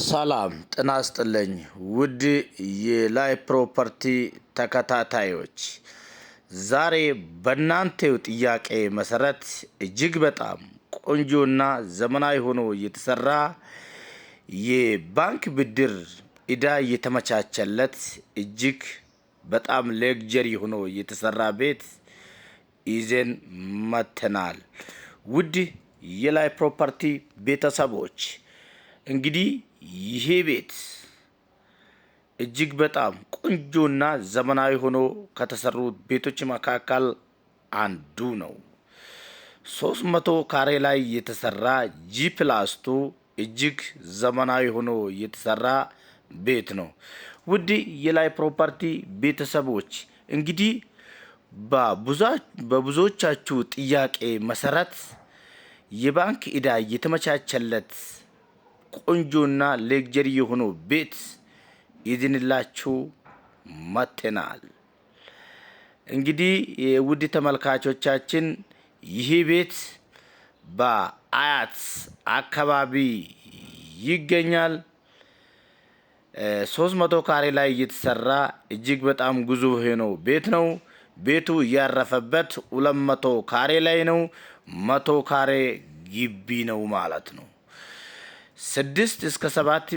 ሰላም ጤና ይስጥልኝ ውድ የላይ ፕሮፐርቲ ተከታታዮች፣ ዛሬ በእናንተው ጥያቄ መሰረት እጅግ በጣም ቆንጆና ዘመናዊ ሆኖ የተሰራ የባንክ ብድር ዕዳ እየተመቻቸለት እጅግ በጣም ሌግጀሪ ሆኖ እየተሰራ ቤት ይዘን መተናል። ውድ የላይ ፕሮፐርቲ ቤተሰቦች እንግዲህ ይሄ ቤት እጅግ በጣም ቆንጆና ዘመናዊ ሆኖ ከተሰሩት ቤቶች መካከል አንዱ ነው። ሶስት መቶ ካሬ ላይ የተሰራ ጂ ፕላስቱ እጅግ ዘመናዊ ሆኖ የተሰራ ቤት ነው። ውድ የላይ ፕሮፐርቲ ቤተሰቦች እንግዲህ በብዙዎቻችሁ ጥያቄ መሰረት የባንክ ዕዳ የተመቻቸለት ቆንጆና ሌግጀሪ የሆኑ ቤት ይዝንላችሁ መጥተናል። እንግዲህ ውድ ተመልካቾቻችን ይህ ቤት በአያት አካባቢ ይገኛል። ሶስት መቶ ካሬ ላይ እየተሰራ እጅግ በጣም ግዙፍ የሆነው ቤት ነው። ቤቱ እያረፈበት ሁለት መቶ ካሬ ላይ ነው። መቶ ካሬ ግቢ ነው ማለት ነው። ስድስት እስከ ሰባት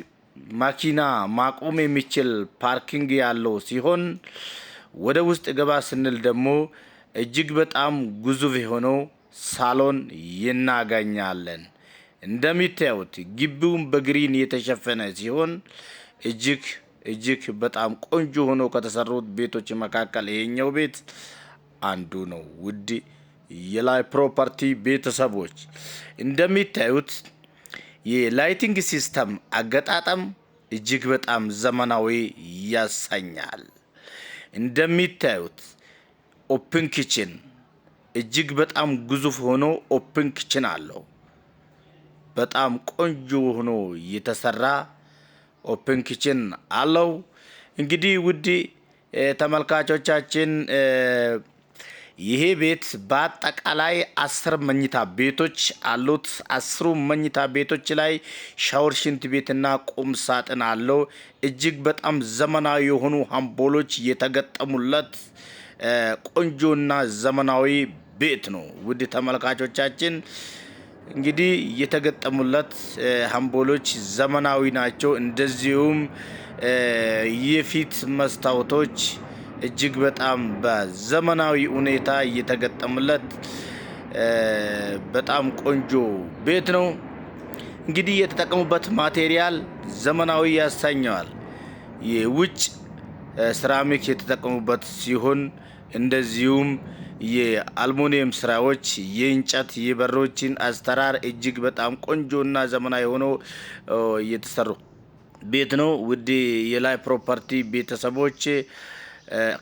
ማኪና ማቆም የሚችል ፓርኪንግ ያለው ሲሆን ወደ ውስጥ ገባ ስንል ደግሞ እጅግ በጣም ግዙፍ የሆነው ሳሎን ይናገኛለን። እንደሚታዩት ግቢውን በግሪን የተሸፈነ ሲሆን እጅግ እጅግ በጣም ቆንጆ ሆኖ ከተሰሩት ቤቶች መካከል ይሄኛው ቤት አንዱ ነው። ውድ የላይ ፕሮፐርቲ ቤተሰቦች እንደሚታዩት የላይቲንግ ሲስተም አገጣጠም እጅግ በጣም ዘመናዊ ያሰኛል። እንደሚታዩት ኦፕን ኪችን እጅግ በጣም ግዙፍ ሆኖ ኦፕን ኪችን አለው። በጣም ቆንጆ ሆኖ የተሰራ ኦፕን ኪችን አለው። እንግዲህ ውድ ተመልካቾቻችን ይሄ ቤት በአጠቃላይ አስር መኝታ ቤቶች አሉት። አስሩ መኝታ ቤቶች ላይ ሻወር፣ ሽንት ቤትና ቁም ሳጥን አለው። እጅግ በጣም ዘመናዊ የሆኑ ሀምቦሎች የተገጠሙለት ቆንጆና ዘመናዊ ቤት ነው። ውድ ተመልካቾቻችን እንግዲህ የተገጠሙለት ሀምቦሎች ዘመናዊ ናቸው። እንደዚሁም የፊት መስታወቶች እጅግ በጣም በዘመናዊ ሁኔታ እየተገጠመለት በጣም ቆንጆ ቤት ነው። እንግዲህ የተጠቀሙበት ማቴሪያል ዘመናዊ ያሰኘዋል። የውጭ ሴራሚክ የተጠቀሙበት ሲሆን እንደዚሁም የአልሙኒየም ስራዎች የእንጨት የበሮችን አስተራር እጅግ በጣም ቆንጆና ዘመናዊ ሆኖ የተሰሩ ቤት ነው። ውድ የላይ ፕሮፐርቲ ቤተሰቦች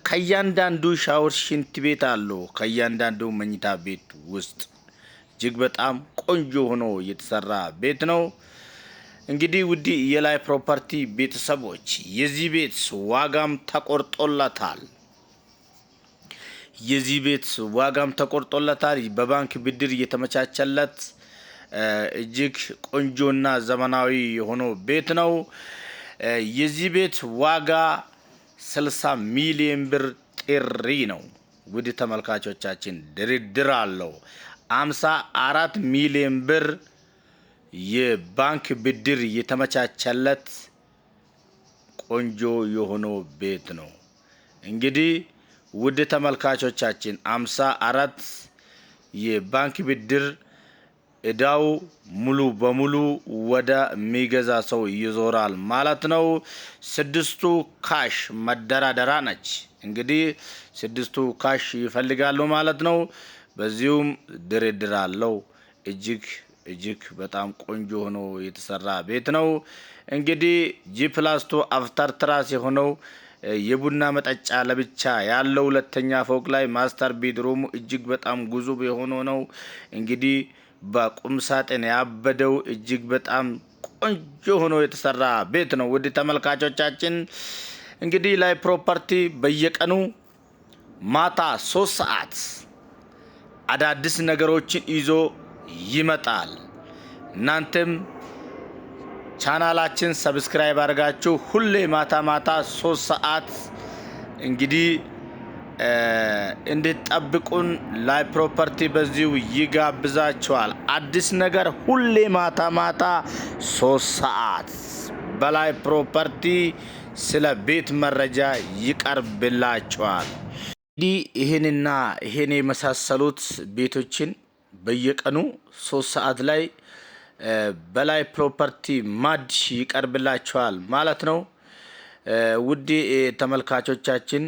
ከእያንዳንዱ ሻወር ሽንት ቤት አለው። ከእያንዳንዱ መኝታ ቤት ውስጥ እጅግ በጣም ቆንጆ ሆኖ የተሰራ ቤት ነው። እንግዲህ ውድ የላይ ፕሮፐርቲ ቤተሰቦች የዚህ ቤት ዋጋም ተቆርጦለታል። የዚህ ቤት ዋጋም ተቆርጦለታል። በባንክ ብድር እየተመቻቸለት እጅግ ቆንጆና ዘመናዊ የሆነው ቤት ነው። የዚህ ቤት ዋጋ 60 ሚሊዮን ብር ጥሪ ነው። ውድ ተመልካቾቻችን ድርድር አለው። 54 ሚሊዮን ብር የባንክ ብድር የተመቻቸለት ቆንጆ የሆነው ቤት ነው። እንግዲህ ውድ ተመልካቾቻችን 54 የባንክ ብድር እዳው ሙሉ በሙሉ ወደ ሚገዛ ሰው ይዞራል ማለት ነው። ስድስቱ ካሽ መደራደራ ነች። እንግዲህ ስድስቱ ካሽ ይፈልጋሉ ማለት ነው። በዚሁም ድርድር አለው። እጅግ እጅግ በጣም ቆንጆ ሆኖ የተሰራ ቤት ነው። እንግዲህ ጂፕላስቱ አፍተር አፍታር ትራስ የሆነው የቡና መጠጫ ለብቻ ያለው ሁለተኛ ፎቅ ላይ ማስተር ቤድሩሙ እጅግ በጣም ጉዙብ የሆነ ነው እንግዲህ በቁም ሳጥን ያበደው እጅግ በጣም ቆንጆ ሆኖ የተሰራ ቤት ነው። ውድ ተመልካቾቻችን እንግዲህ ላይ ፕሮፐርቲ በየቀኑ ማታ ሶስት ሰዓት አዳዲስ ነገሮችን ይዞ ይመጣል። እናንተም ቻናላችን ሰብስክራይብ አድርጋችሁ ሁሌ ማታ ማታ ሶስት ሰዓት እንግዲህ እንድትጠብቁን ላይ ፕሮፐርቲ በዚሁ ይጋብዛችኋል። አዲስ ነገር ሁሌ ማታ ማታ ሶስት ሰዓት በላይ ፕሮፐርቲ ስለ ቤት መረጃ ይቀርብላችኋል። እንግዲህ ይህንና ይህን የመሳሰሉት ቤቶችን በየቀኑ ሶስት ሰዓት ላይ በላይ ፕሮፐርቲ ማድ ይቀርብላችኋል ማለት ነው። ውድ ተመልካቾቻችን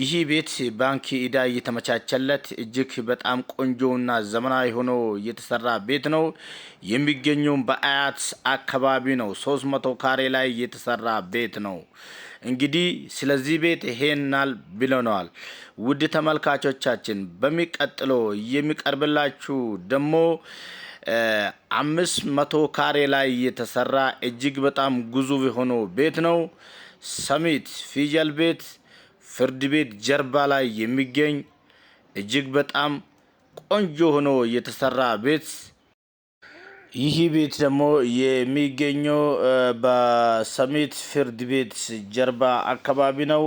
ይህ ቤት ባንክ ኢዳ እየተመቻቸለት እጅግ በጣም ቆንጆና ዘመናዊ ሆኖ እየተሰራ ቤት ነው። የሚገኘውም በአያት አካባቢ ነው። ሶስት መቶ ካሬ ላይ የተሰራ ቤት ነው። እንግዲህ ስለዚህ ቤት ይሄናል ብለነዋል። ውድ ተመልካቾቻችን በሚቀጥሎ የሚቀርብላችሁ ደግሞ አምስት መቶ ካሬ ላይ የተሰራ እጅግ በጣም ግዙፍ የሆነው ቤት ነው። ሰሚት ፊጀል ቤት ፍርድ ቤት ጀርባ ላይ የሚገኝ እጅግ በጣም ቆንጆ ሆኖ የተሰራ ቤት። ይህ ቤት ደግሞ የሚገኘው በሰሜት ፍርድ ቤት ጀርባ አካባቢ ነው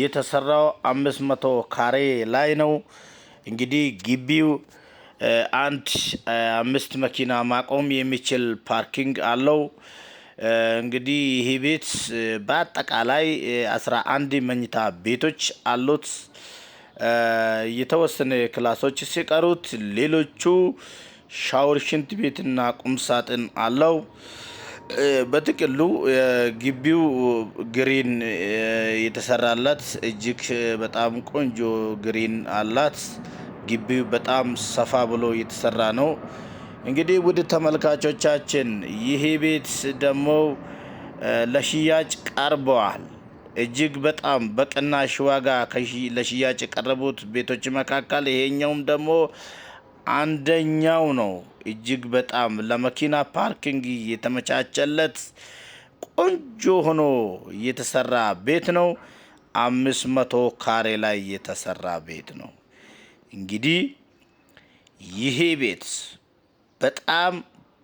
የተሰራው። አምስት መቶ ካሬ ላይ ነው። እንግዲህ ግቢው አንድ አምስት መኪና ማቆም የሚችል ፓርኪንግ አለው። እንግዲህ ይህ ቤት በአጠቃላይ አስራ አንድ መኝታ ቤቶች አሉት። የተወሰነ ክላሶች ሲቀሩት ሌሎቹ ሻወር፣ ሽንት ቤትና ቁምሳጥን አለው። በጥቅሉ ግቢው ግሪን የተሰራላት እጅግ በጣም ቆንጆ ግሪን አላት። ግቢው በጣም ሰፋ ብሎ የተሰራ ነው። እንግዲህ ውድ ተመልካቾቻችን ይህ ቤት ደግሞ ለሽያጭ ቀርበዋል። እጅግ በጣም በቅናሽ ዋጋ ለሽያጭ የቀረቡት ቤቶች መካከል ይሄኛውም ደግሞ አንደኛው ነው። እጅግ በጣም ለመኪና ፓርኪንግ የተመቻቸለት ቆንጆ ሆኖ የተሰራ ቤት ነው። አምስት መቶ ካሬ ላይ የተሰራ ቤት ነው። እንግዲህ ይሄ ቤት በጣም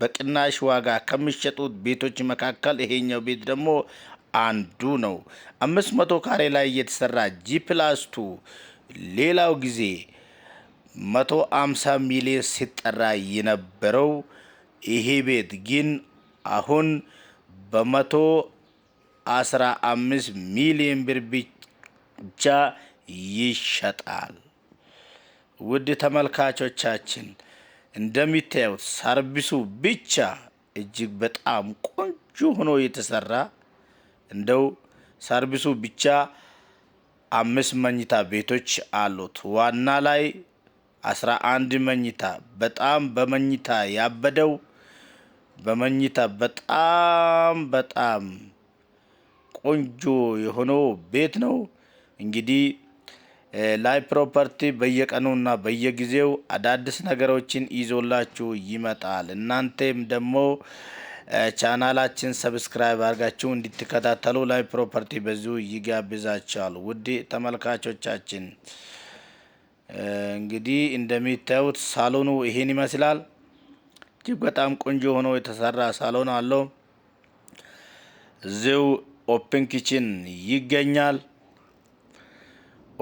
በቅናሽ ዋጋ ከሚሸጡት ቤቶች መካከል ይሄኛው ቤት ደግሞ አንዱ ነው። አምስት መቶ ካሬ ላይ እየተሰራ ጂ ሌላው ጊዜ መቶ አምሳ ሚሊዮን ሲጠራ የነበረው ይሄ ቤት ግን አሁን በመቶ አስራ አምስት ሚሊዮን ብር ብቻ ይሸጣል። ውድ ተመልካቾቻችን እንደሚታዩት ሰርቪሱ ብቻ እጅግ በጣም ቆንጆ ሆኖ የተሰራ እንደው ሰርቪሱ ብቻ አምስት መኝታ ቤቶች አሉት። ዋና ላይ አስራ አንድ መኝታ በጣም በመኝታ ያበደው በመኝታ በጣም በጣም ቆንጆ የሆነው ቤት ነው እንግዲህ ላይ ፕሮፐርቲ በየቀኑና በየጊዜው አዳዲስ ነገሮችን ይዞላችሁ ይመጣል። እናንተም ደግሞ ቻናላችን ሰብስክራይብ አድርጋችሁ እንድትከታተሉ ላይ ፕሮፐርቲ በዚሁ ይጋብዛችኋል። ውድ ተመልካቾቻችን እንግዲህ እንደሚታዩት ሳሎኑ ይሄን ይመስላል። እጅግ በጣም ቆንጆ ሆኖ የተሰራ ሳሎን አለው። እዚው ኦፕን ኪችን ይገኛል።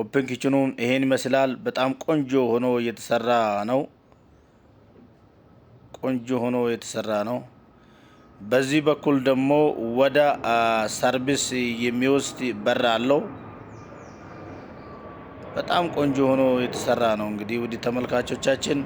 ኦፕን ኪችኑም ይሄን ይመስላል። በጣም ቆንጆ ሆኖ የተሰራ ነው። ቆንጆ ሆኖ የተሰራ ነው። በዚህ በኩል ደግሞ ወደ ሰርቪስ የሚወስድ በር አለው። በጣም ቆንጆ ሆኖ የተሰራ ነው። እንግዲህ ውድ ተመልካቾቻችን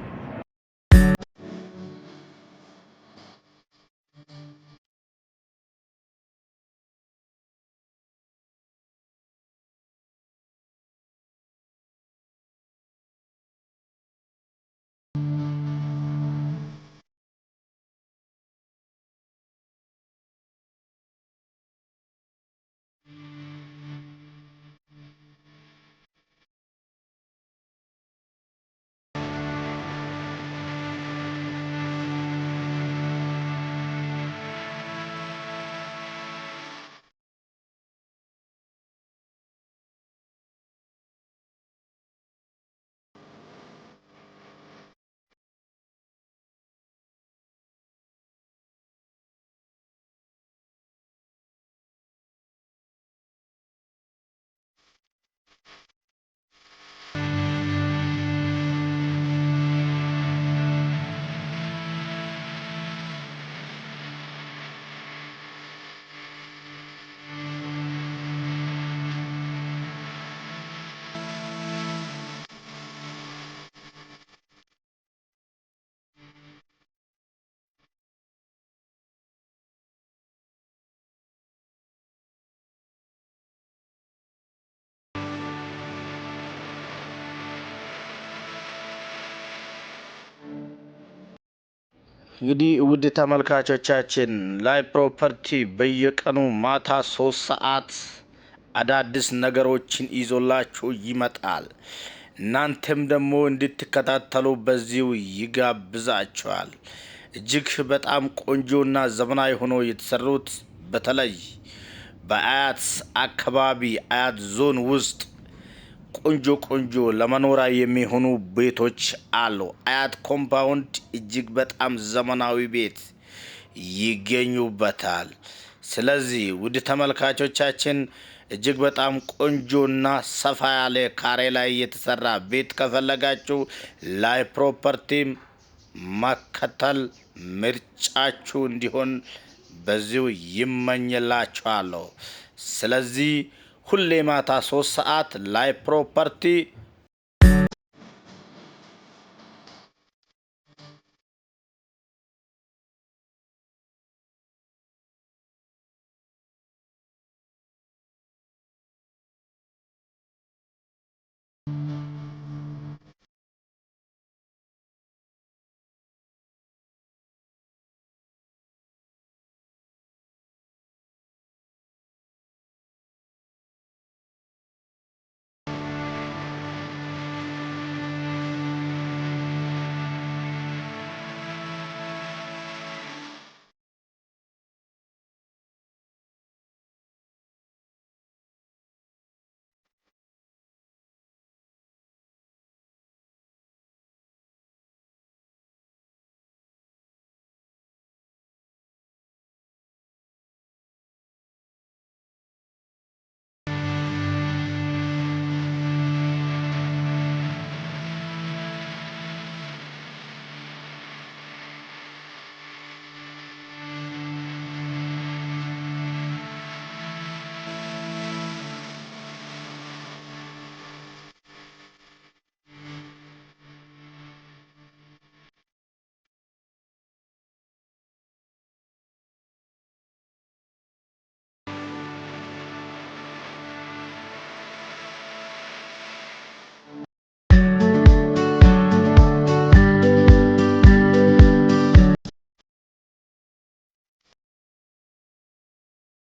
እንግዲህ ውድ ተመልካቾቻችን ላይ ፕሮፐርቲ በየቀኑ ማታ ሶስት ሰዓት አዳዲስ ነገሮችን ይዞላችሁ ይመጣል። እናንተም ደግሞ እንድትከታተሉ በዚሁ ይጋብዛችኋል። እጅግ በጣም ቆንጆና ዘመናዊ ሆኖ የተሰሩት በተለይ በአያት አካባቢ አያት ዞን ውስጥ ቆንጆ ቆንጆ ለመኖሪያ የሚሆኑ ቤቶች አሉ። አያት ኮምፓውንድ እጅግ በጣም ዘመናዊ ቤት ይገኙበታል። ስለዚህ ውድ ተመልካቾቻችን እጅግ በጣም ቆንጆና ሰፋ ያለ ካሬ ላይ የተሰራ ቤት ከፈለጋችሁ ላይ ፕሮፐርቲም መከተል ምርጫችሁ እንዲሆን በዚሁ ይመኝላችኋለሁ። ስለዚህ ሁሌ ማታ 3 ሰዓት ላይ ፕሮፐርቲ